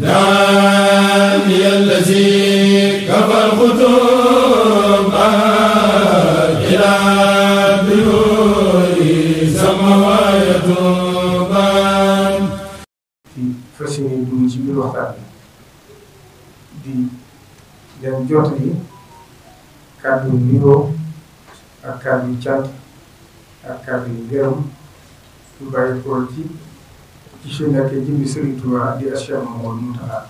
داعي الذي كفى الخطوب إلى بنوري سما ويتوبان fas yéene dugg ci biir waxtaan bi di leen jot yi kàddu nuyoo ak kàddu cant ak kàddu ngërëm yu ci suñu nekk jëmmi Serigne Touba di Cheikh Mamadou Mountakha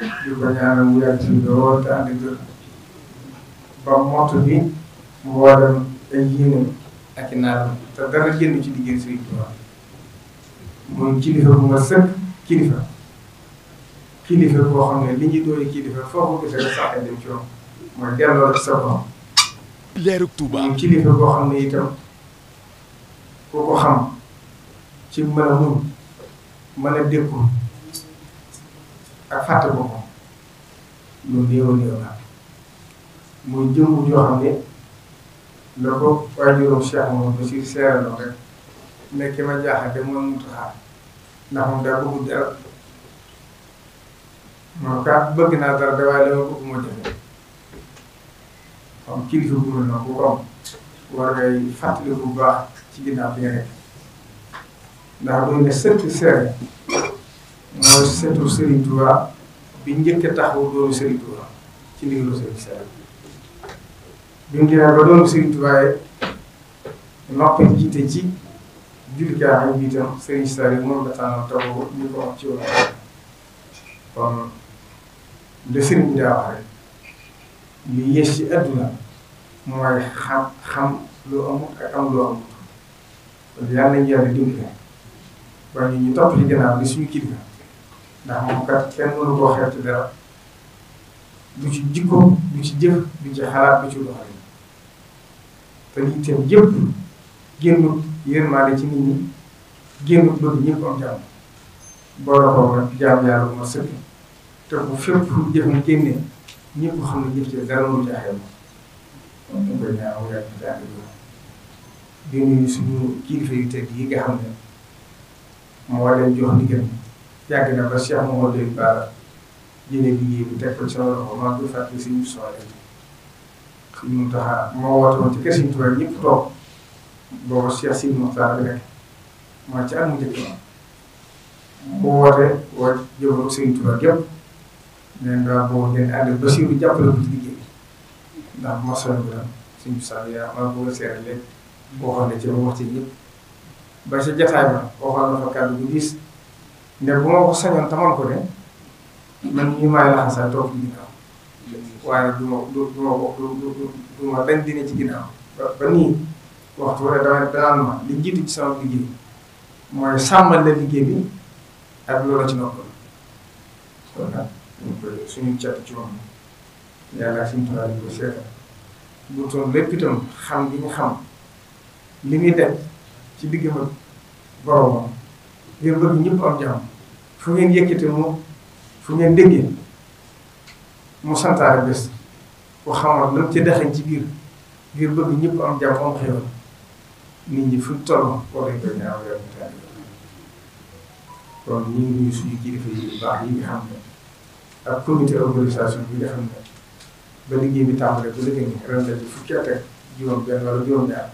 di ko ñaanal mu yàgg ci lool te ànd ba mott bi mu waral ay yéenam ak i naaram te dara génn ci liggéey Serigne Touba mooy kilifa bu ma sëkk kilifa kilifa boo xam ne li ñu doon kilifa foofu gisee rek sax dem ci woon mooy delloo rek sa borom. leerug Touba mooy kilifa boo xam ne itam ku ko xam ci mën a mun. mën a dékku ak fàtte boppam lu néew néew la muy jëmbu joo xam ne la ko waajuróom Cheikh moom ba si seeraloo rek nekk ma jaaxal de moom Muntaxa ndax moom daa bëgg dara moom kat bëgg naa dara de waaye dama bëgg moo jafe kon kilifa bu mel noonu bu ko am war ngay fàttali bu baax ci ginnaaw bi nga nekk ndax doon ne sëtti seere mooy sëtu Serigne Touba bi njëkk a taxawu doomu Serigne Touba ci ndigalu Serigne Seere bi mu demee ba doomu Serigne Touba yi noppi jiite ci jullikaa am jiitam Serigne Seere moom la tànn taxawu ñu ko wax ci woon kon de Serigne Ndiaye wax rek li yées ci adduna mooy xam xam lu amut ak am lu amut kon yàlla nañu yàlla dimbali waaye ñu topp ci ginnaaw bi suñu kilifa ndax moom kat kenn mënu koo xeetu dara du ci jikko du ci jëf du ci xalaat du ci doxalin te lii itam yëpp génnut yërmaale ci nit ñi génnut bëgg ñëpp am jàmm boole ko rek jaam yàlla bu ma sëkk te bu fépp jëf mu génnee ñëpp xam ne ci dara mu jaaxee moom. moom dañ koy ñaanal yàlla di nuyu suñu kilifa yu tedd yi nga ne. moo leen jox ndigal yàgg na ba Cheikh Mouhamadou Bara jëlee liggéey bi teg ko ci sama loxo maa ngi koy fàttali si ñu soxla suñu Muntaxa moo woote woon ci kër Sëriñ Tuubaa ñëpp toog boobu Cheikh Sidi Mokhtar bi nekk maa ci am njëkk bu woote waa jëmale Sëriñ Tuubaa yëpp nee naa boobu ngeen ànd ba si lu jàppale ko ci liggéey ndax mos a yëngu daal suñu saa yi yaa maa bëgg a seeral lépp boo xam ne ci ba wax ba sa jataay ba waxoon na fa kàddu bu diis ne bu ma ko sañoon tamal ko de man ñi may laxasaay toog ci ginnaaw waaye du ma du dañ dina ci ginnaaw ba ba nii waxtu wala damay danaan ma li jiitu ci sama liggéey mooy sàmmal la liggéey bi ak loola ci noppal kon suñu cat ci moom yàlla suñu tubaab yi ko seetal bu toon lépp itam xam gi ñu xam li muy def ci digg man boromam ngir bëgg ñëpp am jàmm fu ngeen yëkkate mu fu ngeen déggee mu santaare bés ku xamal lam ci dexañ ci biir ngir bëgg ñëpp am jàmm am xéwal nit ñi fu toll war nañ koy ñaaw yow kon ñu ngi nuyu suñu kilifa yi baax yi nga xam bi nga xam ne la juróom benn wala juróom ñaar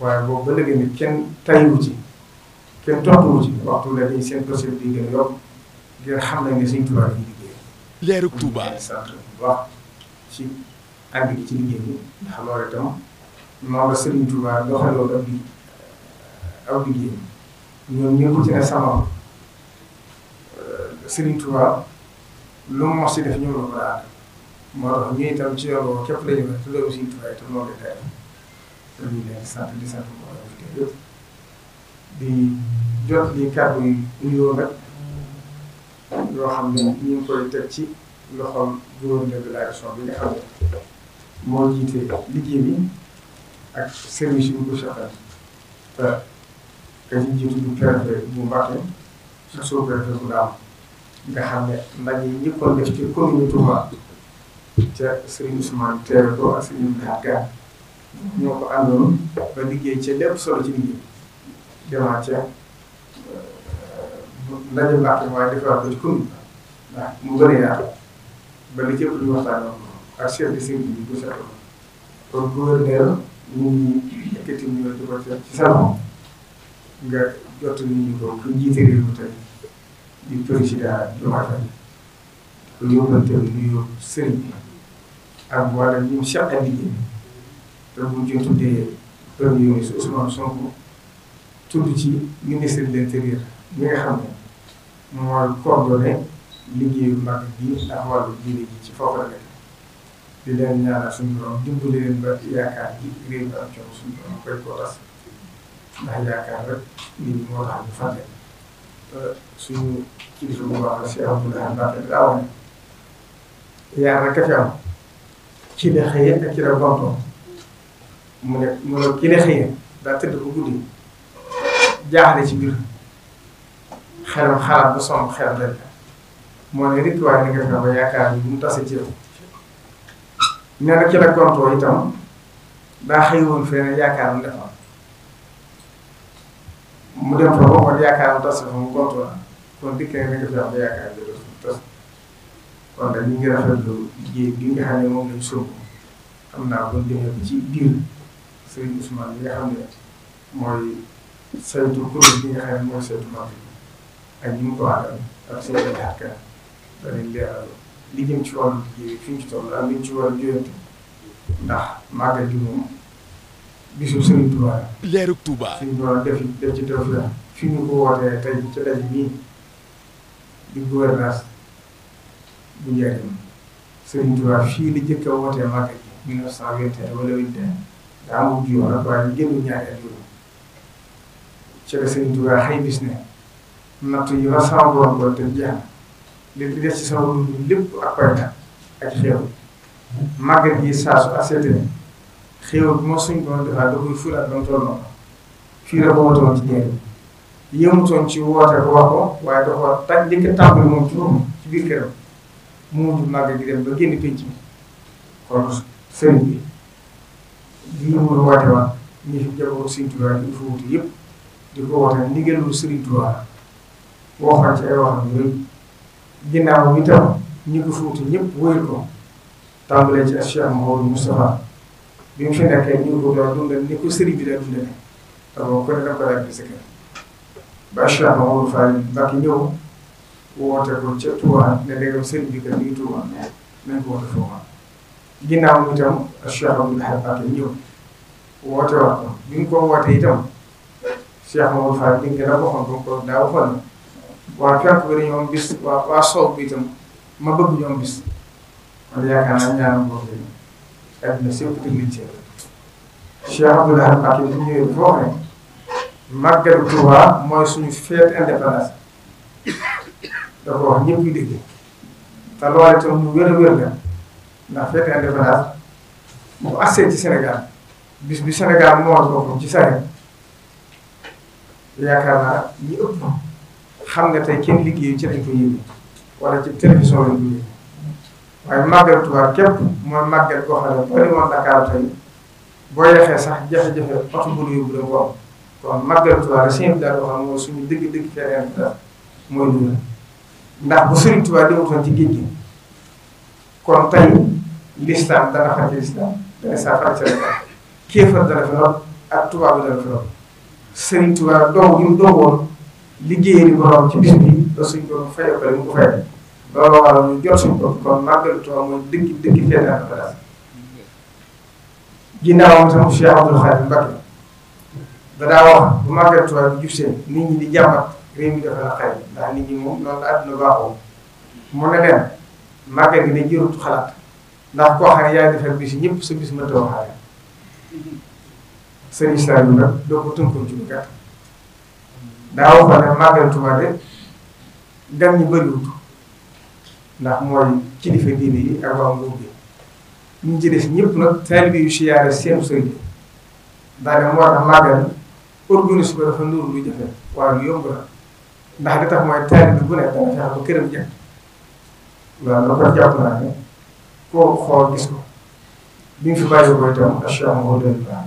waaye boobu ba léegi ni kenn tayiwu ci kenn toppuwu ci waxtu la dañ seen procédure bi gën a yokk ngir xam nañ ne suñ tubaab yi liggéey. leerug Touba sant bu baax ci ànd gi ci liggéey bi ndax loolu itam noonu la Serigne Touba doxaloon ak bi aw liggéey ñoom si euh, def ñëw la ko ñu itam ci yow képp la ñu te loolu Serigne te ñu jot li kàddu yi nuyoo nag yoo xam ne ñu koy teg ci loxoom gouverneur de la région bi nga xam moo jiite liggéey bi ak service yu ñu ko soxal te ka ñu jiitu du préfet bu Mbacké sa sous-préfet bu Ndam nga xam ne ndaje yi ñëpp def ci commune Touba ca Serigne Ousmane teewe ko ak Serigne Mbacké ñoo ko àndoon ba liggéey ca solo ci liggéey demaat ca euh, ndaje mbàkk waaye defaraat ko ci commune ndax mu gën a yaatu ba li cëpp lu waxtaanoo ak chef de service bi bu mu ngi yëkkati ñu nga jot nit ñi ko ku jiite réew mi di président Diomaye Faye ku yóbbante nuyu sëriñ bi ak wala ñu seq liggéey bu ñu tuddee premier ministre Ousmane Sonko tudd ci ministre de l'intérieur mi nga xam ne mooy coordonné liggéeyu mag bi ndax wàllu diine ji ci foofu la nekk di leen ñaanal suñu borom dimbali leen ba yaakaar ji réew mi am coono suñu borom koy ko tas ndax yaakaar rek nit ñi moo tax ñu fàtte suñu kilifa bu baax la si Abdoulaye Mbacké daa wax ne yaar rek a fi am ci la xëyee ak ci la gontoon mu ne mu ne kii ne xëy na daa tëdd ko guddi jaaxle ci biir xelam xalaat ba sonn xel rek moo ne nit waaye nga nga ba yaakaar mu tase ci yow nee na ci la gontoo itam daa xëy woon feneen yaakaar mu defoon mu dem fa boo ko yaakaar mu tase fa mu gontoo la kon dikk na nga fi wax ba yaakaar bi dootul tas kon nag ñu ngi rafetlu liggéey bi nga xam ne moom lañ sóobu xam naa bu ñu demee ci biir. Serigne Ousmane bi nga xam ne mooy bi nga xam ne mooy saytu mag ak ñi ko àndal ak seen i li jëm ci wàllu liggéey fi ñu ci toll ak li ñu ci war a jëyante ndax màggal gi moom bisu Serigne Touba. leeru Touba suñu doon def def ci def la fi ñu ko wootee tey ci daje bii di gouvernance bu njëriñ Serigne Touba fii la jëkk a wootee màggal gi 1921 wala 21. daa am jiw waaye génn ñaari at yooyu ci la sëñ Tuubaa xëy bis ne yi ma sama borom doon te jeex na li ci des ci lépp ak payta ak xéew màggat yi saa su aseetee moo suñ doon defaa da koy fulaat ba mu noonu fii la bootoon ci ñebe yëmutoon ci woote ko wax waaye dafa taj njëkk a moom ci ci biir këram mu mujj màggat gi dem ba génn penc bi kon sëriñ bi. lii mu woote wa ñu fi jaboot Sëriñ Tuubaa ñu fa wuti yëpp di ko woote ndigalul Sëriñ Tuubaa waxoon ci ay waxam yooyu ginnaaw bi tam ñu ko fa wuti ñëpp wóyul ko tàmbalee ci Cheikh bi mu fi nekkee ñu ko doon dundal ni ko sëriñ bi daa dundale te boo ko dana ko daal di sëkk ba Cheikh Mouhamadou Fall Mbacke ñëw woote ko ca Touba ne léegi sëriñ bi kat mi ngi Touba nañ ko woote foofa ginnaaw bi tam Cheikh Abdoul Ahad Mbacke ñëw. woote wax ko bi nga woote itam Cheikh Mamadou Fall dégg nga la waxoon ba mu ko daa waxoon na waa penk bi dañoo am bis waa waa soow bi itam ma bëgg ñu am bis man yaakaar naa ñaanam boobu la adduna sépp tëg nañ ci Cheikh Abdoul Ahad Mbacké bi ñëwee bu wax ne màggalu Tuubaa mooy suñu fête indépendance dafa wax ñëpp ñu dégg te loolu itam lu wér a wér la ndax fête indépendance bu assee ci Sénégal bis bi Sénégal moomal boppam ci saa yaakaar naa ñu xam nga tey kenn liggéey ci lañ ko yëngu wala ci télévision lañ ko yëngu waaye màggal Tuubaa képp mooy màggal goo xam ne bu nuyu bu daal boo xam suñu dëgg-dëgg feneen daal mooy lu ndax bu Sëriñ Tuubaa demutoon ci géej gi kon tey l'islam dana fàtte l'islam dana saa fàtte Sénégal kéefar dana fi rot ak tubaab bi dana fi rot gi mu doogoon ci bis bi ba suñ ko fayoo ko mu bi jub xalaat ndax koo xam ne yaa ngi defar bis ñëpp sa bis mënta waxaale sëriñ Saliou nag doo ko tënkoon ci lu daa wax ne màggal Tuubaa de gan ñu bëriwut ndax mooy kilifa diine yi ak waa nguur gi ñu ci des ñëpp nag taalibe yu siyaare seen sëriñ daanaka moo tax màggal organise ko dafa nuru lu jafe waaye lu yomb la ndax li tax mooy taalibe bu nekk dana fexe ba koo xool bi nga fi bàyyi ko itam association moo doon baax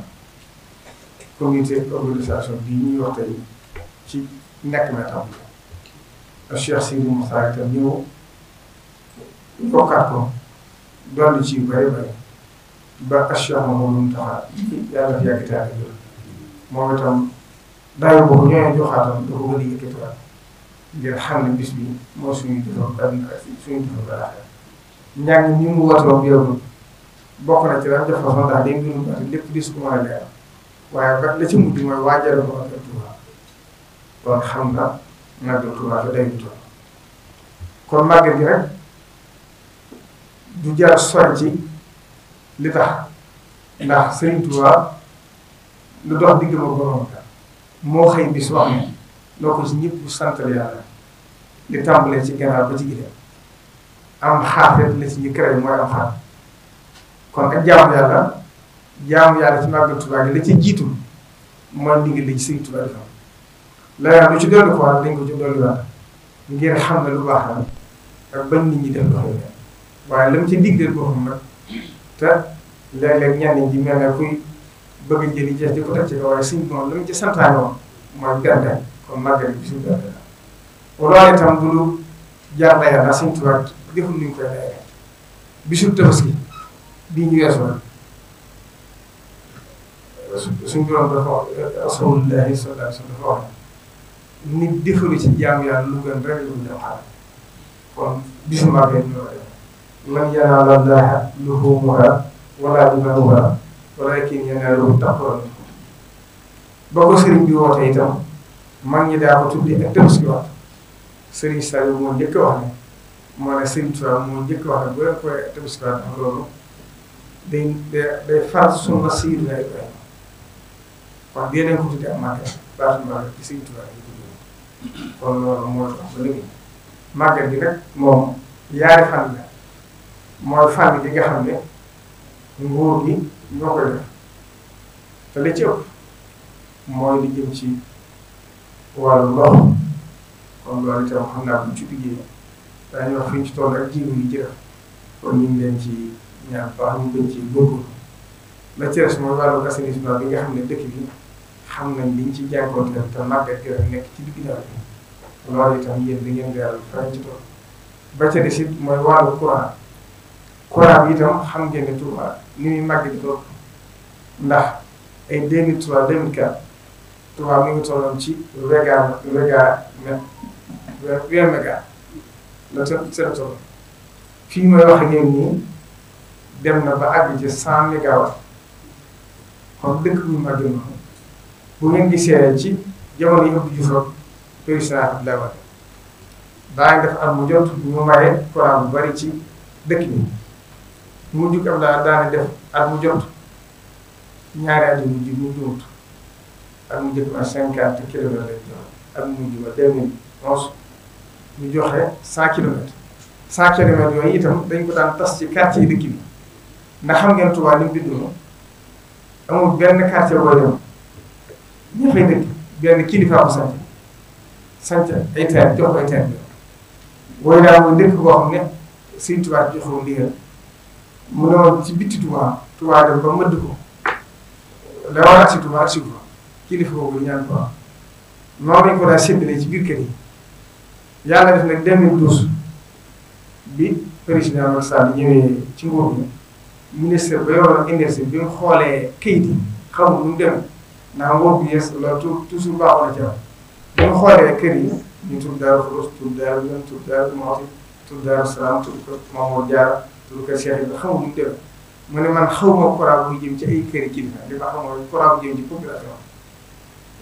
comité organisation bi ñuy wax tey ci nekk na tam Cheikh Sidi Moussa itam ñëw bokkaat ko dolli ci bëri bëri ba association moo doon taxaat yàlla fi yàgg taal bi moom itam daaw boobu ñoo joxaatam dafa gën a yëkkatiwaat ngir xam ne bis bi moo suñu defar ba suñu defar ba laaxee ñaar ñi mu woote woon yow bokk na ci daan def façon daal day mbirum baati lépp di su ko a leeral waaye kat la ci mujj mooy waajal ko ak Tuuba kon xam na nag Tuuba fa day toll kon màggal gi rek du jar soñ ci li tax ndax Sëriñ Tuuba lu dox digg ma borom moo xëy bis wax ne loo ko ci ñëpp santal yàlla li tàmbalee ci gannaaw ba ci gideem am xaafet la ci ñu créé mooy am xaafet kon ak jaamu yàlla jaamu yàlla ci màggal Tuubaa la ci jiitu mooy ndigal li ci Sëriñ Tuubaa defam la lu ci dolli ko wax dañ ko ci dolliwaat ngir xam a lu baax la ak bañ nit ñi la mu ci digleel boppam nag te léeg-léeg ñenn a jëli jeex di ko teg ci la mu ci santaane woon mooy gàncax kon màggal bi suñ gàncax la. loolu itam la yàlla Sëriñ Tuubaa deful ni ñu koy layee bii ñu weesu nag suñ borom dafa wax rasulullahi sallallahu alayhi wasallam dafa wax nit defalu ci jaamu yàlla lu gën rek lu ñu def xaar kon bisu màgg ñu war a def lan yanaala llaaha luhuumuhaa wala dimaahuhaa walaakin yanaaluhu taqwa minkum ba ko sëriñ bi woote itam mag ñi daa ko tuddee ak tëbs ki wax sëriñ Saliou moo njëkk wax ne moo ne sëriñ Tuubaa moo njëkk wax ne bu leen koy tëbs day day faral sunu mas yi dinaay Ibrahima kon dee nañ ko tuddee am màggal baaxul màggal ci Sëriñ Tuubaa yi ñu loolu moo tax ba léegi màggal bi nag moom yaari fan la mooy fan bi nga xam ne nguur gi ñoo koy def te li ci ëpp mooy li ndox kon loolu itam xam naa bu ñu ci liggéey daañu wax fi ñu ci toll rek jiw yi jërëf kon ñu ci. ñaar ba ñu gën ci góorgóorlu la ci des mooy wàllu assainissement bi nga xam ne dëkk i xam nañ liñ ci jànkuwanteel te màggat yore nekk ci digg nawet bi loolu itam yéen da ngeen di yàlla faral ci tool ba ca des it mooy wàllu courant courant bi itam xam ngeen ne Touba ni muy màgg di toog ndax ay 2003 2004 Touba mi ngi tolloon ci méga méga mètre weer méga la seen seen tool fii may wax ak yéen nii. dem na ba àgg ci cent mégawatt kon dëkk bu mag yi bu ngeen gisee ci jamono yi ëpp Diouf ak président Abdoulaye Wade daa def at mu jot mu maye courant bu bari ci dëkk bi mu jug Abdoulaye daane def at mu jot ñaari at yu mujj mu juumut at mu jëkk ma cinquante kilomètres lay mu mujj ba deux mille onze joxe cent kilomètres cent kilomètres yooyu itam dañ ko daan tas ci quartier yi dëkk bi ndax xam ngeen Touba li mu bindoo benn quartier boo dem ña fay dëkk benn kilifa bu sant sant ay jox ko ay teen booy daal mooy dëkk ne Sëriñ Touba jox ko ndigal mu ne woon ci bitti Touba Touba dem ba mëdd ko la war a si Touba si ko kilifa boobu ñaan ko am noonu lañ ko daal séddale ci biir kër yi def nag 2012 bi président Macky Sall ñëwee ci nguur gi. ministre ba yoroon industrie bi mu xoolee kayit yi xamul nu mu demee ndax nguur bu yees loolu tout toujours baaxoon na ci am bi mu xoolee kër yi ñu tur Daaru Xudoos tur Daaru Minaam tur Daaru Muxti tur Daaru Salaam tur ko Mamour Diarra tur ko Cheikh Ibrahima xamul nu mu demee mu ne man xawma courant buy jëm ci ay kër yi kilifa li ma xamoon courant bu jëm ci population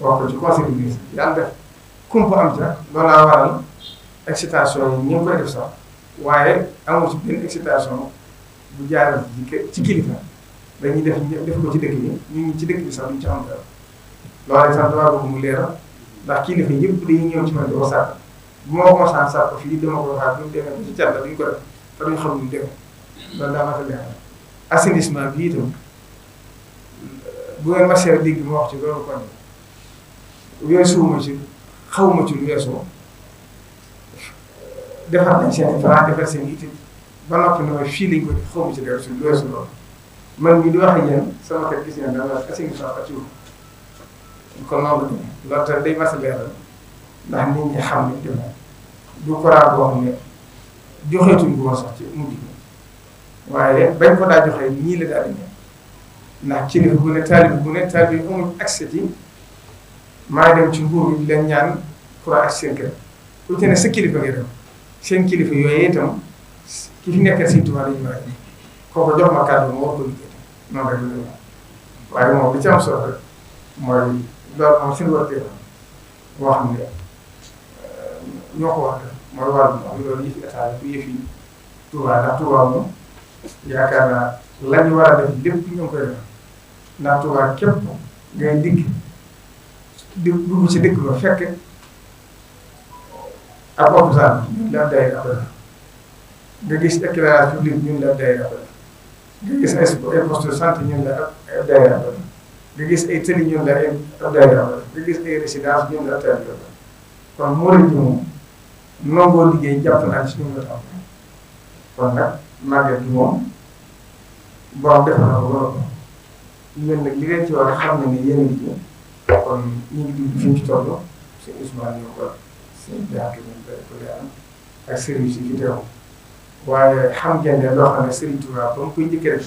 wax ko ci conseil des ministres yàlla am ci loolu laa waral excitation yi ñu ngi koy def sax waaye amul bu jaaral ci kilifa dañuy def def ko ci dëkk bi ñu ngi ci dëkk bi sax duñ ci am dara loolu sax damaa bëgg mu leeral ndax kilifa yëpp dañuy ñëw ci man di ko bu ma ko mosaan sàkk fii dama ko waxaat bu ñu ko def te ma fa leeral assainissement bu ngeen ma wax ci loolu kon weesuuma ci xawma ci lu weesoo defar nañ seen i plan defar seen i itam ba noppi ne ma fii lañ ko def xaw ci dara suñu loolu suñu loolu man mii di wax ak sama xel gis ne dina du courant boo xam ci bi waaye bañ ko daa joxee ñii la daal di ndax kilifa bu ne taalib bu ne taalib bi amul accès ci maa dem ci nguur bi di leen ñaan courant ak seen kër ku ci ne sa kilifa ngay dem seen kilifa yooyu itam. ki fi nekkal Sëriñ Tuubaa lañu war a ji kooku jox ma kàddu ma war ko liggéey noonu rek la waaye moom li ci am solo rek mooy loolu moom suñu wàllu boo xam ne ñoo ko wax mooy wàllu am loolu yëfi état bi yëfi Tuubaa ndax Tuubaa moom yaakaar naa la ñu war a def lépp ñu ngi koy def ndax Tuubaa képp ngay dikk di dugg ci dëkk ba fekk ak hôpital ñu la day après nga gis éclairage public ñun la day rabal nga gis ay ay poste de santé ñun la ab day rabal nga gis ay tëli ñun la ab day rabal nga gis ay résidence ñun la teel rabal kon moo la ñu nangoo liggéey jàpp naa ci suñu la am kon nag màgget gi moom borom def na ko ñun nag li ngeen ci war a xam ne ni yéen a ngi ci kon ñu ngi dugg fi ñu ci toll seen Ousmane ñoo ko seen jaatu ñoom ko leeral ak service yi fi teew waaye xam ngeen loo xam ne Serigne Touba ba mu koy njëkk rek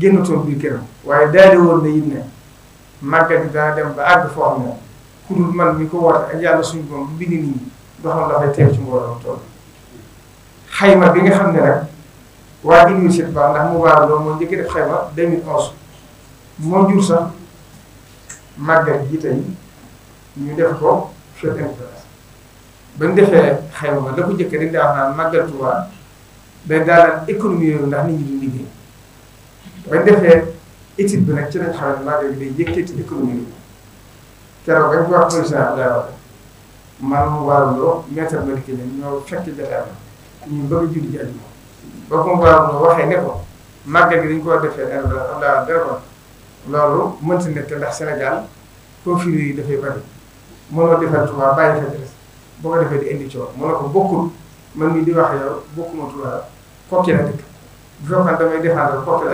génnatoon biir këram waaye daal di woon na it ne màggal gi dana dem ba àgg foo xam ne ku dul man mi ko woote ak yàlla suñu boom bu bind nii doxam dafay teew ci mbooloo tool xayma bi xam ne nag waa université ba ndax mu waar loolu moo njëkk def xayma 2011 moo jur sax màggal gi tey ñu def ko fête indépendance ba ñu defee xayma ma la ko njëkk daa naan màggal Touba day daal économie yooyu ndax nit ñi duñ liggéey bañ defee étude bi nag ci lañ xam ne maa ngi day yëkkati économie bi keroog rek waa président Abdoulaye Wade man mu waraloo maître Madické Niang mu waraloo waxee ne ko dañ ko defee ren am naa dara loolu mënti ne te ndax Sénégal conflits yi dafay bari mënoo defal Touba bàyyi fa des boo ko defee di indi coow mënoo ko bokkul. man mii di wax la dëkk bu fekkoon damay défendre Koki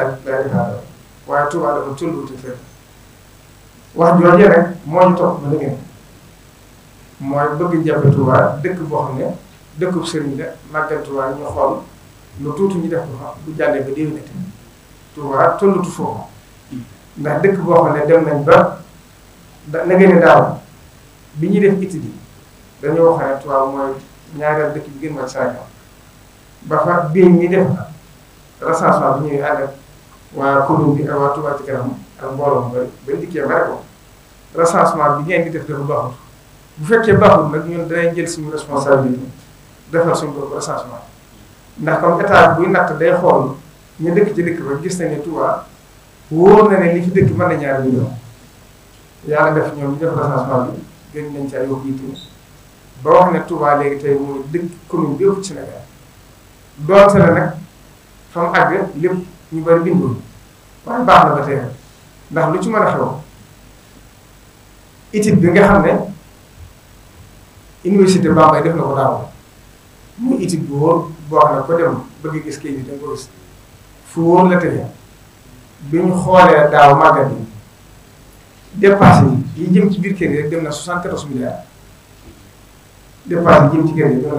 wax jooju rek moo ñu topp ba léegi boo xam ne dëkkub sëriñ la màggal xool lu tuuti ñu def ko xam bu jàllee ba déwénati Touba tollutu foofu ndax dëkk boo xam ne dem nañ ba da na ngeen bi ñuy def étude dañoo wax ne Touba mooy. ñaareel dëkk bi gën mooy Sénégal ba fa biñ mi def recensement bi ñuy ànd ak waa commune bi ak waa Touba kanam ak mbooloo mu bëri dikkee bare ko recensement bi ngeen di def dafa baaxul bu fekkee baaxul nag ñun danañ jël suñu responsabilité defal suñu bopp recensement ndax comme état buy natt day xool ñu dëkk ci dëkk ba gis nañ ne Touba wóor na ne li fi dëkk mën na ñaari million yàlla def ñoom ñu def recensement bi gën nañ ci ay yóbbu ba wax ne Touba léegi tey mooy dëkk commune bi yëpp ci Sénégal doonte la nag fa mu àgg lépp ñu bari bindul waaye baax na ba tey ndax lu ci mën a xew étude bi nga xam ne université Bambey def na ko daaw muy étude bu wóor boo xam ne ko dem bëgg gis kii bi da nga ko gis fu wóor la tëjee bi ñu xoolee daaw màggal bi dépassé yi jëm ci biir kër yi dem na 74 milliards. dépense jëm ci kër yi dina la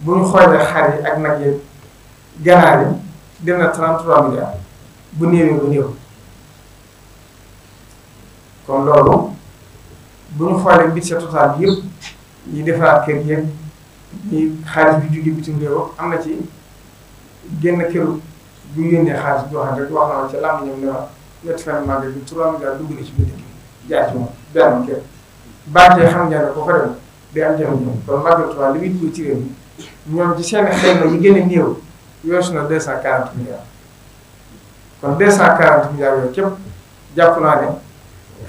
bu ñu xoolee xar yi ak nag yi kon loolu bu ñu xoolee budget total bi yëpp xaalis bi jóge bitim réew am na ci génn kër bu yónnee xaalis bi wax rek wax na ci làmb ñoom ne wax ñetti fan màggal bi 3 milliards dugg na ci biir dëkk ci moom benn kër bànkee xam ngeen ne ko fa dem day am jëloon ñoom kon màggal Tuubaa li muy tuuti ci réew mi ñoom ci seen xayma yi gën a néew weesu na deux cent quarante milliards kon deux cent quarante milliards yooyu képp naa ne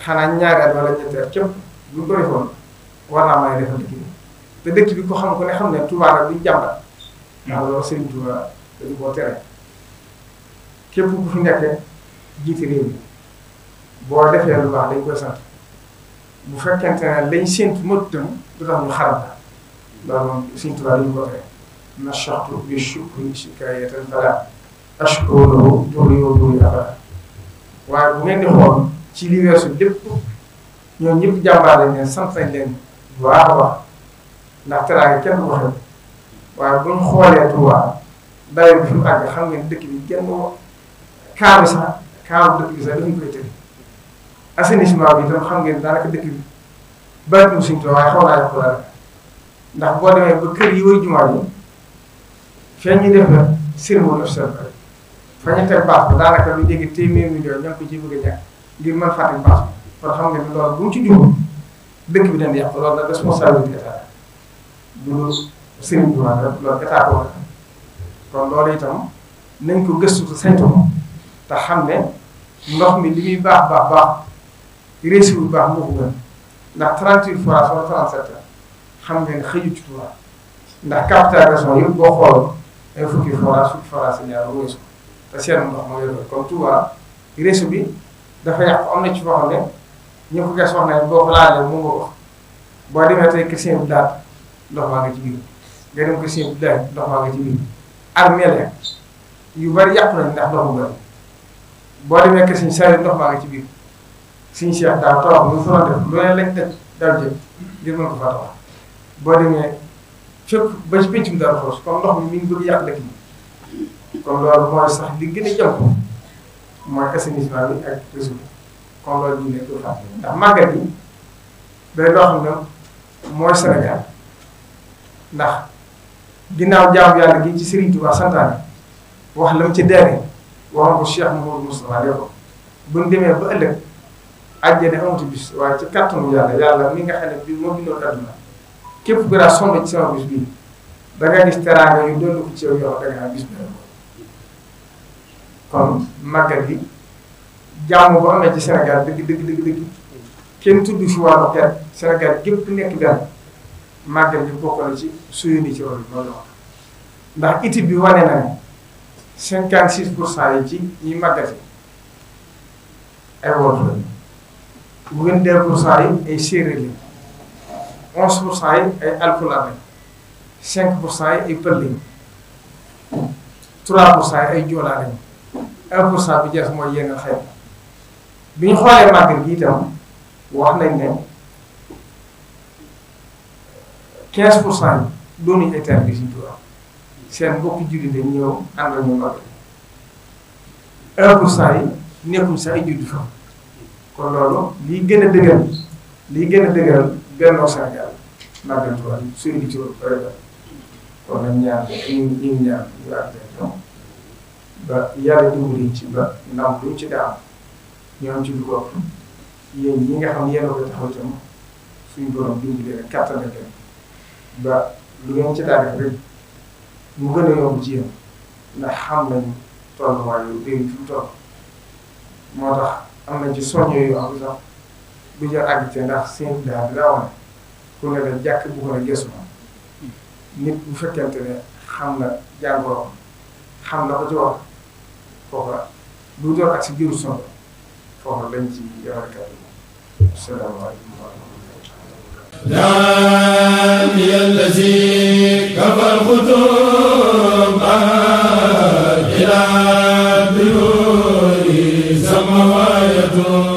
xanaa ñaari at wala ñetti at képp bu ñu ko defoon war naa mën a defal dëkk bi te dëkk bi ko xam ko ne xam ne Tuubaa nag duñ jàmbat. ndax hmm. loolu Sëriñ Tuubaa dañu koo tere képp ku fi nekkee jiite réew mi boo defee lu baax dañ koy sant. bu fekkente ne lañ séntu mot tam du tax ñu xarab la loolu moom suñ tubaab yi ñu ko fee nashaxtu bi shukri shikaayatan fala ashkuru yow duñu abada waaye bu ngeen di xool ci li weesu lépp ñoom ñëpp jàmbaar lañ leen sant nañ leen bu a baax ndax waaye bu ñu xoolee Tuubaa dayoo bi fi mu àgg xam ngeen dëkk bi kenn kaaru sax kaaru dëkk bi sax dañu koy tëj assainissement bi itam xam ngeen daanaka dëkk bi bari na suñu tool waaye ba kër yi wër jumaa yi fii ñu la ko ci xam ngeen ne loolu dëkk bi dañ yàq loolu nag responsabilité xam ne ndox mi li muy baax baax baax. réussi bu baax moo ko gën ndax 38 forages wala 37 xam ngeen xëyut ci Touba ndax capital région boo xool ay fukki forages fukki forages yi ñaar wëyeesu te seen ndox moo yor kon Touba réseau bi dafa yàqu am na ci foo xam ne ñu ko nga wax boo demee ndox maa nga ci nga dem kër Sëñ ndox maa nga ci biir armeel yu bari yàqu nañ ndax ndox mu bari boo demee kër Sëñ ndox maa nga ci suñu Cheikh daal tabax bu ñu soxla def lu ne lañ teg daal jëm ngir mën ko faa tabax boo demee fépp ba ci pencum daal xoos comme ndox mi mi ngi bëgg yàq dëkk bi kon loolu mooy sax li gën a jàpp mooy assainissement bi ak réseau bi kon loolu ñu nekk fàtte ndax màggal bi day loo xam ne mooy Sénégal ndax ginnaaw jaamu yàlla gi ci Serigne Touba santaane wax la mu ci deere waxoon ko Cheikh Mouhamadou Moustapha ne ko bu ñu demee ba ëllëg. àjjana amatu bis waaye ci kàttanu yàlla yàlla mi nga xam ne bi moo bindoon adduna képp ku daa ci sama bis bii da nga gis teraanga yu doon ko ci yow yoo da nga gis ne kon màggal gi jàmm bu amee ci Sénégal dëgg dëgg dëgg dëgg kenn tudd fi wàllu xeet Sénégal gépp nekk benn màggal gi bokk na ci suyu ni ci wax ndax étude bi wane na ne cinquante six pour cent yi ci ñi màggal ay wolof lañu bu ngeen dee pour cent yi ay séeréer lañ onze pour cent yi ay alpulaar lañ cinq pour cent yi ay pël lañ trois pour cent yi ay joolaa lañ un pour cent bi jeex mooy yéngal xëy bi ñu xoolee màggal gi itam wax nañ ne quinze pour cent yi doonuñu ay taalibe Sëriñ Tuubaa seen mbokk jullit dañ ñëw àndal ñu màggal un pour cent yi nekkuñ sax ay jullit fa kon loolu lii gën a dëgëral lii gën a dëgëral bennoo Sénégal naa dem tubaab suy di ci wër bëri na kon nag ñaar ñu ñu ñaar ñu ànd ak ñoom ba yàlla dimbali ci ba ndam lu ci daa ñu am ci lu ko yéen ñi nga xam yéen a koy taxaw ci moom suñu borom dimbali rek kàttan ak ba lu ngeen ci daal rek mu gën a yomb ci yéen ndax xam nañu tolluwaay yu réew fi mu toll moo am nañ ci soñño yu am sax bu jël àggite ndax seen daa dinaa wane ku ne la jàkk bu ko ne gëstu nit bu fekkente ne xam na jàngoro xam na ko ci wax foofa du doon ak si biiru sonb foofa lañ ci yawarkat yi asalaamaaleykum wa rahmatullah lam Lord.